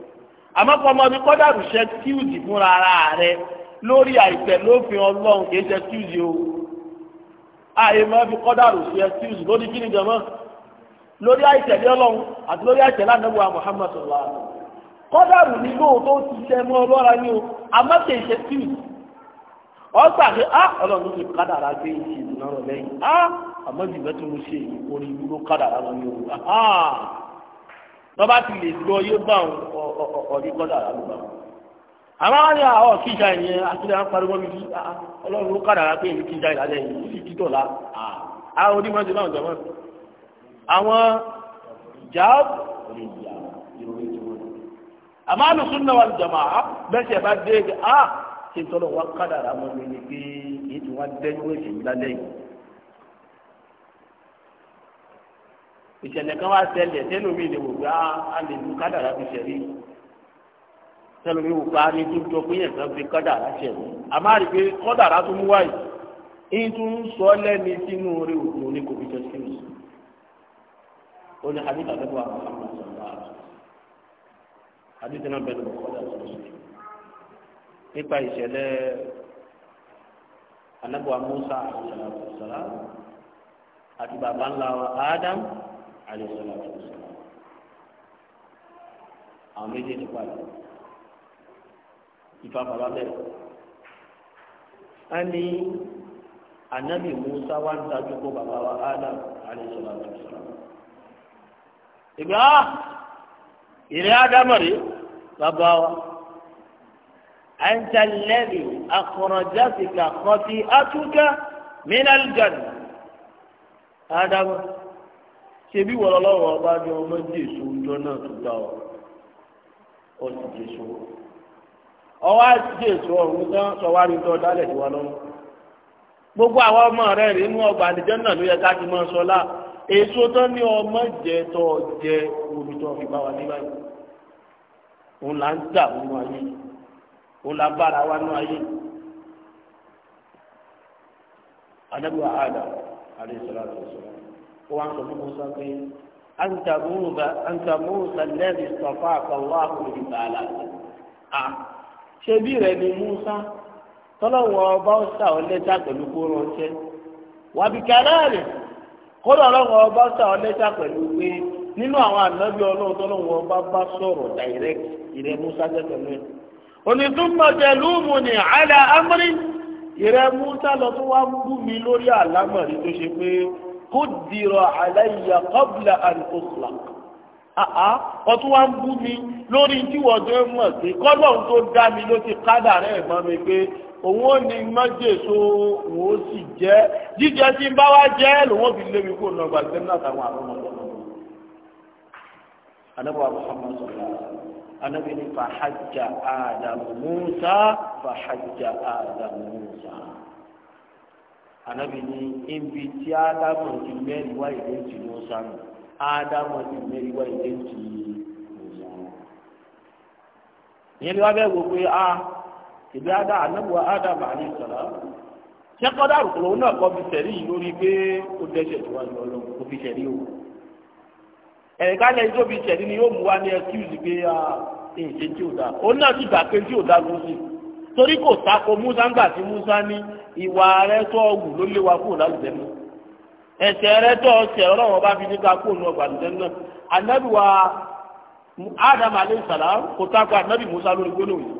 àmọ́ kọ́ ọmọ mi kọ́dà rù ṣe tíùdì fúnra ara rẹ lórí àìsẹ̀ lófin ọlọ́run kì í ṣe tíùdì o àyè máa fi kọ́dà rù ṣe tíùdì lórí kí ni jọmọ́ lórí àìsẹ̀ ní ọlọ́run àti lórí àìsẹ̀ lánàbọ̀ Muhammad sallallahu alaihi wasallam kọ́dà rù ní lóòótọ́ ti ṣe mọ́ ọlọ́ra ní o àmọ́ kì í ṣe tíùdì ọgbà pé á ah, ọlọ́run ti kádàrá gbé ìṣèlú náà lẹ́yìn á ah, àmọ́ jùlọ tí mo ṣe ìkórè ìlú kádàrá lọ ní tọ́ba ti lè gbọ́ yóò bá ọ̀dí kọ́dà àlùbá. àmọ́ wọ́n ní àwọn kíjà ìyẹn akíndé á pariwo mi sí ọlọ́run ló kàdàrà pé èmi kíjà ìlàlẹ̀ yìí sì títọ̀ la àwọn onímọ̀ ti báwọn jọ̀wọ́. àwọn ìjáàbù ọ̀rẹ́ ìyá ìròyìn tí wọ́n lọ. àmọ́ àlùsùn náà wà ní jàmá bẹ́sẹ̀ bá dé a ṣe tọ́lọ̀ wá kàdàrà mọ́ mi ni pé èyí tí wọ́n dẹ́yìn ìṣẹ̀lẹ̀ kan wá ṣẹlẹ̀ tẹ́lómi lè wò gbá a lè lu kádàrá fi ṣẹ̀rí tẹ́lómi wò gbá ni dúdú pé yẹn kan fi kádàrá ṣẹ̀rí àmàlì pé kádàrá tó mú wáyé ń tún sọ lẹ́ni sínú orí òkun ní kò fi jọ sí mi ó ní hadith àtẹ́kọ̀ àwọn ọmọ sọ̀rọ̀ àrà hadith náà bẹ̀rẹ̀ lọ́kọ́ dà sí mi nípa ìṣẹ̀lẹ̀ anábọ̀ amúsà àti bàbá ńlá wa Adam alayhi salatu wa salam àwọn méjèèjì pàdé ìfapàlà bẹ́ẹ̀ a ní anabi musa wa ń tajú kó bàbá wa adam alayhi salatu wa salam ìgbà ìrẹ́ ádámọ̀rí bàbá wa anta alladhi akhrajataka khati'atuka min al-janna sebi wọlọlọ ọba ní ọmọ jésù ọjọ́ náà tó dá ọ ọ sì jésù ọwọ́ jésù ọ̀hún tán sọ̀wá ní tọ́ dálẹ̀ tiwa gbogbo àwọn ọmọ rẹ rí inú ọgbà náà ló yẹ ká ti máa èso tán ní ọmọ jẹ tó jẹ omi tó fi bá wa ní báyìí òun là ń dà nínú ayé òun là ń bára wa nínú ayé àdà wọ́n sọ fún musa pé anta musa lẹ́bi sọ̀fà àkàwọ́ àkùnrin bàálà à ṣé bí rẹ ni musa tọ́lọ́wọ́ ọba ọ̀sà ọ̀lẹ́ta pẹ̀lú kóró ọ̀tẹ́ wàbí kàláàrì kódà ọlọ́wọ́ ọba ọ̀sà ọ̀lẹ́ta pẹ̀lú pé nínú àwọn ànábì ọba bá musa àlà amúrí musa lórí tó ṣe pé kudira alayya qabla an ukhlaq àá ọtún wá ń bú mi lórí tí wọ́n tó ń mọ̀ sí kọ́dọ̀ tó dá mi ló ti kádà rẹ̀ mọ́ mi pé òun ò ní mọ́jèso òun ó sì jẹ́ jíjẹ tí ń bá wá jẹ́ lòun ò fi lé mi kó nà gbàgbé náà táwọn àrùn ọmọ ọmọ anabu muhammad sallallahu anabi ni fahajja adam musa fahajja anabi ni ibi tí ádámù ti mẹ́rin wá ìdè ti ló sánú ádámù ti mẹ́rin wá ìyẹn ni wọ́n bẹ́ẹ̀ wò pé a ìbí ádá anabi wa ádámù àní sọ̀rọ̀ ṣé kọ́dà àrùkùrọ̀ òun náà kọ́ fi sẹ̀rí yìí lórí pé ó dẹ́sẹ̀ tó kó fi sẹ̀rí o. ẹ̀ka lẹ́yìn torí kò tako musa ńgbà tí musa ní ìwà rẹ tó ọgù ló léwa kúrò lálùjẹ náà ẹsẹ̀ rẹ tó ọsẹ Ọlọ́run ọba fi ní ká kúrò ní ọgbà lálùjẹ náà anabi wa adam aleyhi salam kò tako anabi musa lórí gbólóhùn yìí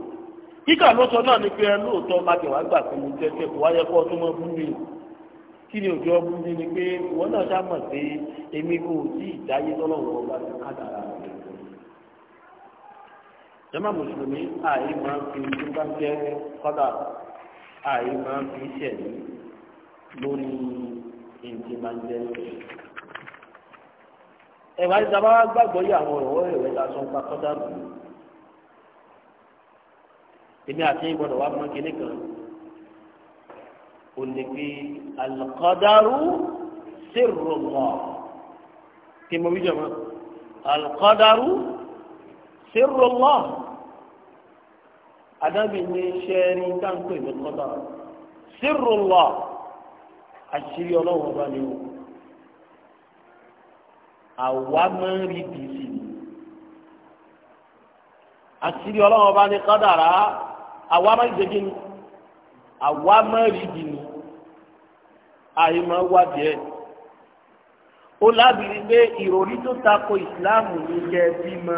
kíkà ló sọ náà ní pé ẹ lóòótọ́ má tẹ̀wá gbà pé mo jẹ́ kò wáyé kó ọtún mọ́ bú mi kí ni òjò ọbú mi ni pé ìwọ náà sá mọ̀ pé èmi kò tí ì dáyé lọ́lọ́wọ́ ọba kádàrá jama mùsùlùmí àyè máa ń fi tó bá jẹ́ kọ́dà àyè máa ń fi ṣẹ̀lí lórí ìdí máa ń jẹ́ ẹ̀wà ìjọba gbàgbọ́ yà àwọn ọ̀rọ̀ ẹ̀wẹ̀ lásán pa kọ́dà bù èmi àti ìgbọ́dọ̀ wa mọ kíní kan ò ní pé alùkọ́dárú sírùmọ̀ kí mo wí jọ̀mọ́ alùkọ́dárú sírùlọ́ adábì ní sẹ́ẹ̀rì dáńpé mi kọ́tà sírùlọ́ àṣírí ọlọ́run ọba ni o àwa máa ń rí bìsì ni àṣírí ọlọ́run ọba ni kádàrá àwa máa ń jẹ́ kíni àwa máa rí bì àyè máa wá bìẹ́ ó lábìrì pé ìròrí tó tako ìsìláàmù ní jẹ́ bímọ.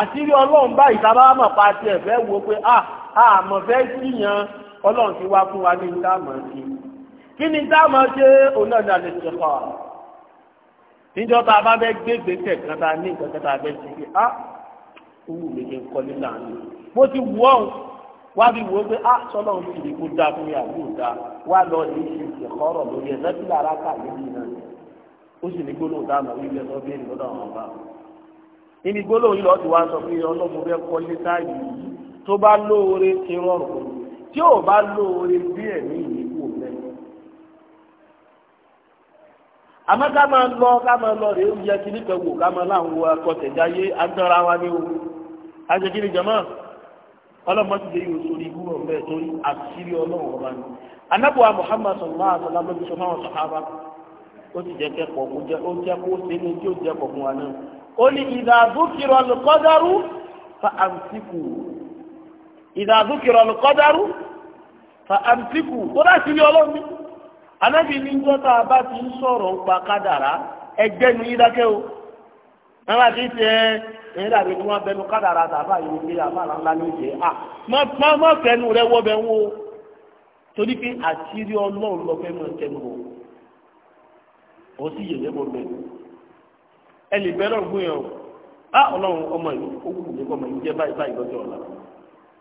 àṣírí ọlọ́run báyìí tá a bá mọ̀ pa tiẹ̀ fẹ́ wo pé ah, a àmọ̀ fẹ́ síyan ọlọ́run ti wá fún wa ní tá a mọ̀ sí kí ni tá a mọ̀ ṣe òun náà ní alẹ́ ti kọ́ ọ níjọ́ tá a bá fẹ́ gbégbé tẹ̀ kan tá a ní nǹkan kan tá a fẹ́ ṣe pé a owó mi kì í kọ́ nílà ń mo ti wù ọ́ wá bí wò pé a ah, sọ́nà ń fi kó dáa fún mi àbí dáa wá lọ ní ìṣe ìṣèkọ́rọ̀ lórí ẹ̀ lẹ́bí kà lórí náà ó sì ní gbólóhùn dáhùn àwọn níbi gbólóhùn yìí lọ́dún wa sọ pé ọlọ́run fẹ́ kọ́ ilé táyì yìí tó bá lóore ti rọrùn tí ò bá lóore bí ẹ̀mí yìí kò fẹ́. àmọ́ ká máa lọ ká máa lọ rèé oúnjẹ kí nípa wò ká máa láwọn wo akọ̀tẹ̀jáyé agbára wa ní o. àjẹkìrì jẹ̀mọ́ ọlọ́mọ ti dé yóò sórí ikú rọ̀ bẹ́ẹ̀ torí àṣírí ọlọ́run ọba ni. anábùwà Muhammad sallallahu alaihi wasallam ló fi sọ fáwọn sàhábà ó ti jẹ́ kẹ́kọ̀ọ́ kó jẹ́ kó ṣe ní tí ó ó ní ìdàdúkìrọ̀ fa àǹtíkù ìdàdúkìrọ̀ lùkọ́dárú fa àǹtíkù tó na rí ọlọ́run anábì ní jọ́ta bá ti ń sọ̀rọ̀ ń pa kádàrá ẹgbẹ́ nu yí dákẹ́ o wọn bá ti tẹ ẹ̀yìn dàbí kí wọ́n bẹnu ẹ lè bẹ́ẹ̀ lọ́rùn gbóyàn o á ọlọ́run ọmọ yìí ó wù mí kọ́ ọmọ yìí jẹ́ báyìí báyìí lọ́jọ́ ọ̀la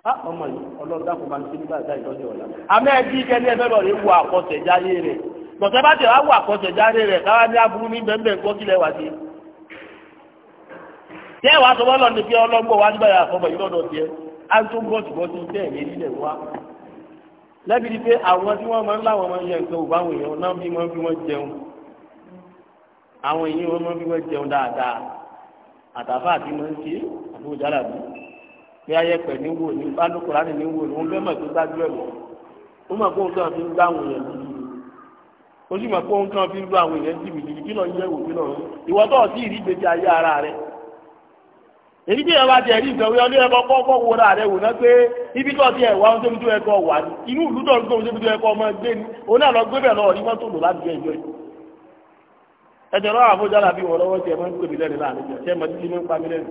á ọmọ yìí ọlọ́run dákun bá ń ṣe ní báyìí báyìí lọ́jọ́ ọ̀la àmọ́ ẹ bí kẹ́ni ẹ bẹ́ẹ̀ lọ́rùn wo àkọsẹ̀jáyé rẹ̀ tọ̀tẹ́ bá tẹ̀ wá wo àkọsẹ̀jáyé rẹ̀ káwá ní aburú ní bẹ́ẹ̀ kọ́ kílẹ̀ wá sí. tẹ́ wàá sọ bọ́lọ̀ ní pé ọlọ́gbọ̀n wá nígbà yàrá fọmọ yìí lọ́dọ̀ tiẹ̀ á tó bọ́ọ̀tì bọ́ọ̀tì lẹ́bi di pé àwọn tí wọ́n máa ń láwọn máa ń yẹ nǹkan ò báwọn èèyàn náà bí wọ́n àwọn èyí wọn máa fi wọ́n jẹun dáadáa àtàfà àti mọ̀ ń ṣe àbúrò dára bí bí ayẹpẹ ní wò ní balùkùrá ní ní wò ní wọn bẹ́ẹ̀ mọ̀ tó gbájú ẹ̀ wọ̀ ó mọ̀ pé òun kàn fi ń gbá àwọn èèyàn lójú ó sì mọ̀ pé òun kàn fi ń lu àwọn èèyàn jìbìtì kí lọ́ọ́ yẹ wò kí lọ́ọ́ ìwọ tó ọtí ìrí gbèsè ayé ara rẹ èyí tí ẹ bá tiẹ̀ rí nǹkan wí ọdún ẹ kọ́kọ́ kọ́ wo ra rẹ wò ná pé ibi tó ti ẹ̀ wá ohun tóbi tó ẹ kọ́ wà ní inú ìlú tó ń gbé ohun tóbi tó ẹ ọmọ gbé ni òun náà lọ gbé lọ rí mọ́tò lò láti gbé ìjọ yìí ẹjọ́ náà àbójá làbí wọn lọ́wọ́ tí ẹ máa ń pè mí lẹ́nu láàrin jẹ́ ẹ máa títí máa ń pa mí lẹ́nu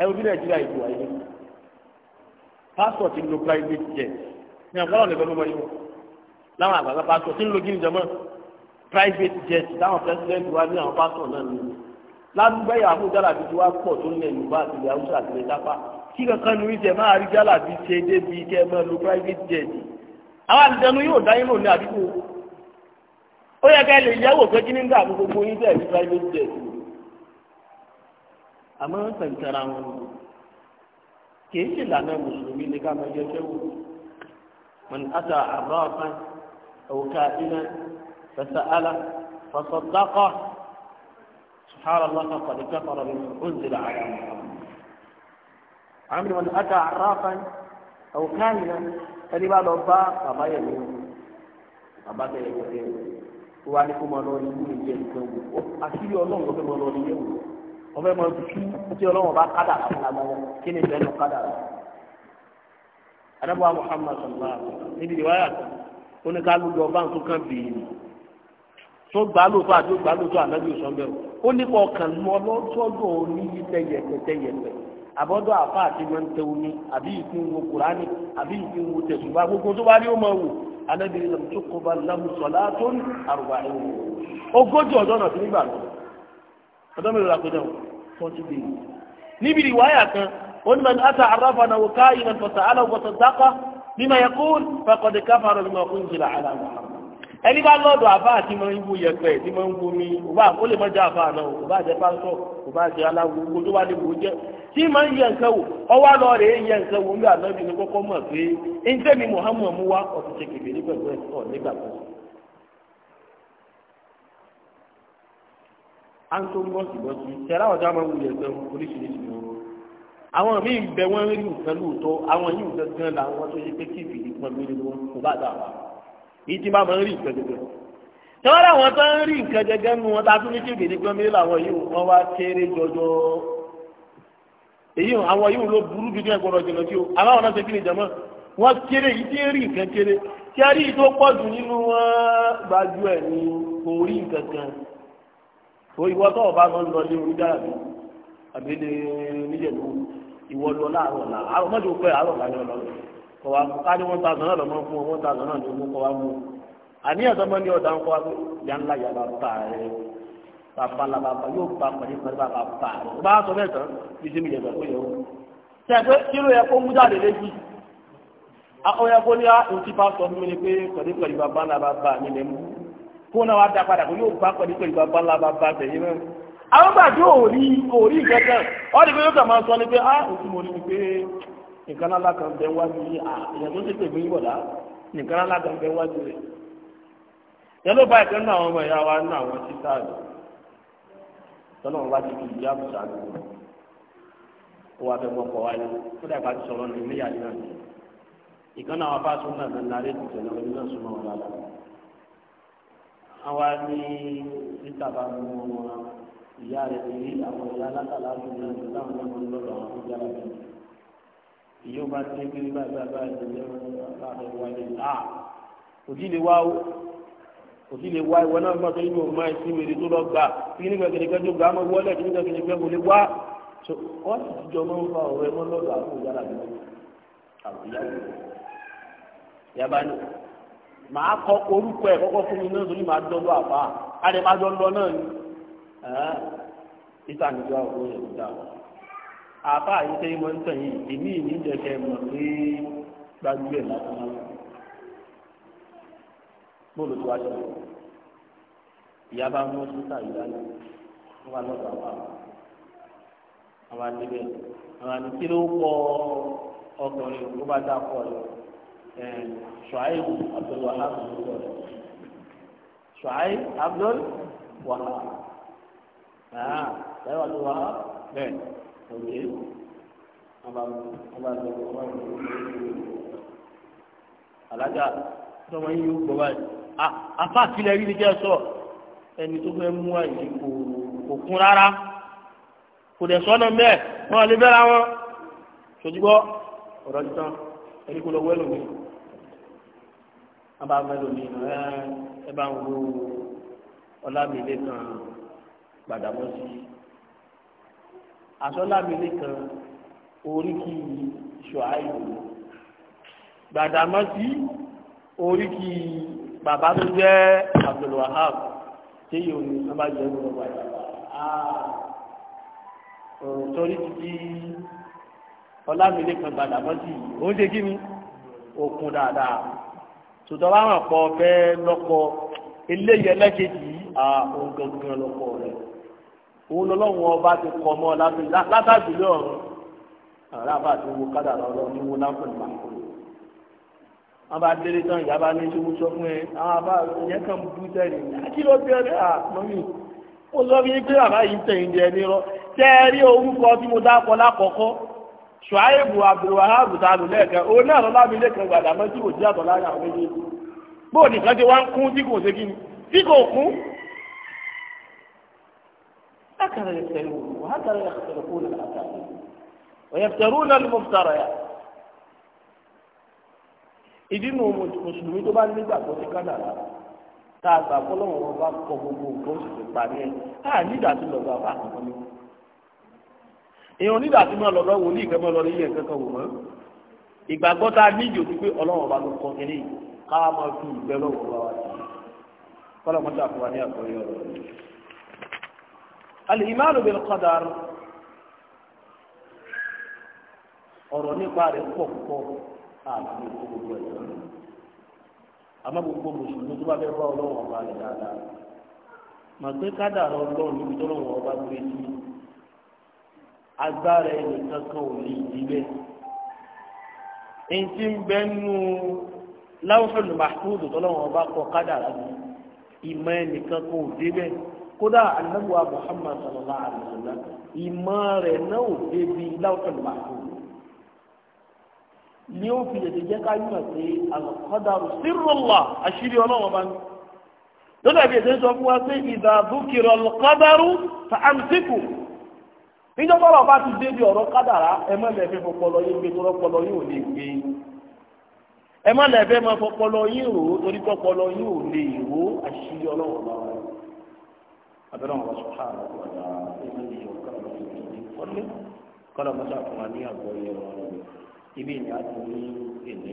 ẹ wo bí nàìjíríà ìlú wáyé pásítọ̀ ti ń lo private jet ní àgbọ̀rọ̀ nìkan ló mọ yín láwọn àgbàgbà pásítọ̀ ti ń lo gíní jọmọ́ private jet táwọn president wa ní àwọn pásítọ̀ náà ní ládùúgbẹ́yà àbójá làbí tí wàá pọ̀ tó nílẹ̀ yorùbá àti ilẹ̀ haúsá àti ilẹ̀ dápá kí kankan nu ìjẹ máa rí private jet àwọn àlùjẹnu yóò dá yín lò ní àdúgbò ó yẹ ká lè yẹwò pé kí ní ká àbí gbogbo yín bẹẹ ní private jet o àmọ́ ń tẹ̀ntẹ̀ra wọn ni kìí ṣe ìlànà mùsùlùmí ní ká máa yẹ ṣẹ́wò mọ̀n ata àbá ọ̀kan òkà iná fẹsẹ̀ ala fọsọ dákọ̀ sùhárà lọ́kà pàdé kẹfọ́rọ̀ mi ó ń zèrè àyà mi. àmì mọ̀n ata àrà ọ̀kan òkà iná ẹni bá lọ bá bàbá yẹn mi bàbá tẹ̀lé kẹfẹ́ yẹn. tó wá ní kó máa lọ ikú lè jẹ nǹkan o ó àṣírí ọlọ́run ló fẹ́ máa lọ nílé wò ó fẹ́ máa dùkú tí ọlọ́run bá kádà fún la lọ́wọ́ kí ni ìfẹ́ lọ kádà rẹ̀. adábọ̀ Muhammad sọ̀rọ̀ níbi ìwáyà tó oníkálukú ọba nǹkan kan bìíní tó gbà lóòótọ́ àti ó gbà lóòótọ́ ànábì òsàn bẹ́ẹ̀ ó ní kọ̀ọ̀kan lọ́ọ́ tọ́jú òun abọ́dọ̀ àfa àti wọn tẹ omi àbí ìfún wo kùránì àbí ìfún wo tẹ̀sùbá gbogbo tó bá rí ó máa wò anábìrin lọ́mú tó kọ́ bá lámú sọ̀lá tó ń àrùbá ẹ̀wò ogójì ọjọ́ náà ti nígbà lọ ọjọ́ mélòó la kọjá forty days níbi ìwáyà kan ó ní mẹ́ni ata àràfà náà wò káyìn náà fọ̀tà aláwọ̀ fọ̀tà dáká mímọ̀ yẹ kó káfà rẹ̀ lọ́mọ ẹni bá lọ́dọ̀ àbá àti mọ ibu yẹpẹ tí mọ ń wo mi òbá ó lè mọ jẹ àbá náà òbá jẹ pásọ òbá jẹ aláwo owó tó wà lè wò jẹ tí mọ ń yẹ nǹkan wò ọwọ́ lọ rẹ̀ ń yẹ nǹkan wò ń gbà lọ́dọ̀ ní kọ́kọ́ mọ̀ pé ń tẹ́mi Muhammad mú wá ọ̀tún ṣe kèké ní pẹ̀lú ẹ̀kọ́ nígbà kan. a ń tó ń bọ́sì bọ́sì tẹ̀lá ọ̀dà máa ń wulẹ̀ gan oríṣiríṣi wọn àwọn míì bẹ wọn rí nǹkan lóòótọ́ àwọn yìí nǹkan gan làwọn tó ṣe pé kí ìfìdí pọn mi wọn kò bá dà wá èyí tí bá máa ń rí nǹkan jẹjẹ tí wọ́n láwọn tó ń rí nǹkan jẹjẹ nu wọn ta tún ní kéèké ní gbọ́n mi làwọn yìí wọ́n wá kéré jọjọ èyí àwọn yìí ló burú bí díẹ̀ gbọ́dọ̀ jìnnà tí o aláwọ̀ náà ṣe kí jẹ̀mọ́ wọ́n kéré yìí tí ń rí nǹkan kéré tí a rí i tó pọ̀ jù nínú wọn gbajú ẹ̀ ní kò nǹkan kan ìwọ tó o bá lọ lọ lé orí dára mi àbí lè níjẹ̀dú ìwọ lọ láàárọ̀ láàárọ̀ mọ́tò pẹ́ àárọ̀ láàárọ̀ lọ́wọ́ kọ wa káni wọn ta zọnà lọmọ fún wọn ta zọnà lọmọ kọ wa mú àní ẹ̀dọ́mọ ni ọ̀dà ń kọ́ wa pé yàrá yàrá bá rẹ bàbá la bàbá yóò bá pàdé pàdé bàbá bá rẹ o bá sọ bẹ́ẹ̀ tán bí sẹ́mi yẹ̀ bẹ́ẹ̀ yẹ̀ o tẹ̀ pé kíló yẹ kó mú jáde léjì akọ̀yẹ kó ní a ntí bá sọ fún mi ni pé pàdé pàdé bàbá la bàbá mi lẹ́ mú kó náà wàá da padà kó yóò bá pàdé pàdé bàbá la bàbá tẹ̀yìn náà àwọn gbàdúrà òrí òrí ìkẹ́kẹ́ ọ́ nǹkan lálá kan bẹ wájú yìí à ìyẹn tó ti pè mí bọ̀dá nǹkan lálá kan bẹ wájú rẹ̀ ìyẹn ló bá ìkan náà àwọn ọmọ ìyá wa nínú àwọn títà rẹ̀ tọ́lọ́ wọn bá ti fi ìyá àbùsà lò ó wà fẹ́ gbọ́kọ̀ wa yẹn kó dàgbà ti sọ̀rọ̀ ní ìléyà yìí náà ìkan náà wọn bá sún náà lẹ́nu alẹ́ tuntun náà wọn náà sún náà wọn lálẹ́ àwa ní títà bá mú wọn ìyá rẹ̀ ní àwọn ìyá látàlá ìyẹn bá ti ń kiri báyìí báyìí báyìí ìyẹn bá ti wá ilé à òjì lè wá o òjì lè wá ìwọ náà gbọ́dọ̀ inú ọmọ ẹsìn wèrè tó lọ gbà kí nígbà kìnìkan tó gbà á mọ wọlé kìnìkan kìnìkan kò lè wá wọ́n sì ti jọ máa ń fa ọ̀rọ̀ ẹ mọ́ lọ́dọ̀ àbújá làbí àbújá yaba ni màá kọ orúkọ ẹ kọ́kọ́ fún mi náà lórí màá dọ́dọ̀ àbá àdèmàdọ́ lọ náà ni ìtàn ìjọ àwọn olóyè ìjà wọn àbá àyíké mọ́ ń tàn yìí èmi ìní jẹ́kẹ́ mọ̀ pé gbájúẹ̀ lásán bóòlù tó wá ṣe ìyá bá mú sísá ìyá lọ wọn bá lọ́dọ̀ àwọn àwọn àwọn àdébẹ̀ àwọn àdébẹ̀ ló kọ ọkùnrin tó bá dá pọ̀ lọ ṣùáìbù abdulwahab ló sọ rẹ̀ ṣùáìbù abdulwahab ṣùáìbù abdulwahab bẹ́ẹ̀ òkè ọba ọba àgbẹ̀ ọba àgbẹ̀ alájà tọmọ yìí yóò gbọ́ báyìí afá àtìlẹ̀ rí ni jẹ́ sọ ẹni tó fẹ́ mú àyè kò kún rárá kò dẹ̀ sọ́nà mẹ́ẹ̀ wọn lè bẹ́ra wọn sojúbọ́ ọ̀rọ̀ títàn ẹni kò lọ wẹ́ lómi wọn bá wẹ́ lómi ẹ bá ń wo ọlámìlẹ̀ kan gbàdámọ́sí asọ́lámilé kan oríkì ṣọ́àìbò gbàdámọ́sí oríkì bàbá tó jẹ́ abdulwahab tí yóò ní abájẹ́ ọgbọ̀n wáyé ọ̀rọ̀ torí títí ọlámilé kan gbàdámọ́sí ó ń ṣe kí ni òkun dáadáa tòtọ́ bá wọn pọ̀ fẹ́ lọ́kọ eléyìí ẹlẹ́kejì àwọn ah, gangan lọ́kọ rẹ̀ òun lọ́lọ́run ọba ti kọ́ ọmọ látàjùlẹ̀ ọ̀run àwọn àbá àti owó kádàrá ọlọ́run ní wọn láǹfọ̀n máa kó lò wọn bá délé tán ìyá bá ní ṣe wọ́n sọ fún ẹ àwọn àbá ìyẹn kan bú sẹ́yìn kí ló bí ọdẹ àmọ́mí ó sọ fún yín pé àbá yìí ń tẹ̀yìn jẹ ní rọ tẹ́ ẹ rí orúkọ tí mo dákọ lákọ̀ọ́kọ́ ṣùáìbù abdulwahab tààlù lẹ́ẹ̀kan òun náà lọ́lá mi lẹ́ẹ̀kan gbàdá tí kò jẹ́ àtọ̀ هكذا يفترون وهكذا يختلفون الأساطير ويفترون المفتريات ìdí nu mùsùlùmí tó bá nígbàgbọ́ sí kádàrá tá a gbà fọlọ́wọ́n wọn bá kọ gbogbo nǹkan oṣù tó parí ẹ̀ á nídà tí lọ́dọ̀ àbá àkọ́kọ́ ni. èèyàn nídà tí mo lọ́dọ̀ wò ní ìkẹ́mọ́ lọ́dọ̀ yíyẹn kankan wò mọ́. ìgbàgbọ́ tá a níjò sí pé ọlọ́wọ́n bá ló kọ́ kiri ká máa fi ìgbẹ́ lọ́wọ́ bá wa sí. kọ́lọ́mọ́tà fún wa ní àgbọ̀yọ̀ rẹ̀ alìmánu bil qadar ọ̀rọ̀ nípa rẹ̀ pọ̀ pọ̀ àti gbogbo ẹ̀sọ́ àmọ́ gbogbo mùsùlùmí tó bá fẹ́ bá ọlọ́wọ́ ọba rẹ̀ dáadáa mà pé kádàrá ọlọ́run níbi tó lọ́wọ́ ọba gbé sí agbára ẹnìkan kan ò lè yí bẹ́ẹ̀ eŋti bẹ nu láwùjọ lùmàkúrò tó lọ́wọ́ ọba kọ kádàrá mi ìmọ̀ ẹnìkan kan ò dé bẹ́ẹ̀. kódà anabiwa muhammad sallallahu alayhi wa sallam ìmọ̀ rẹ̀ náà débi láwùjọ màkú ni o fi lè jẹ́ kayi yí mà pé alqadaru sirrullah àṣírí ọlọ́wọ́ bá ń àbí ebe sọ fún wa alqadaru níjọba ti débi ọ̀rọ̀ kádàrá ẹ má lè fọpọlọ yín gbé tọrọ pọlọ yín ò lè gbé ẹ má fọpọlọ yín torí yín ò lè abẹ́rẹ́ wọn sọ ha ọ̀dà ẹ̀mí ni ọ̀kọ́rọ̀ lọ́wọ́ ìdílé kọ́lé kọ́lọ̀ mọ́tà fún wa ní àgọ́ yẹn wọn lọ́wọ́ ibi ni a ti ní èlé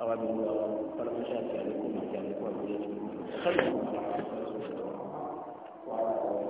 àwọn àbẹ̀wò àwọn kọ́lọ̀ mọ́tà àti àlékún àti àlékún àgbélé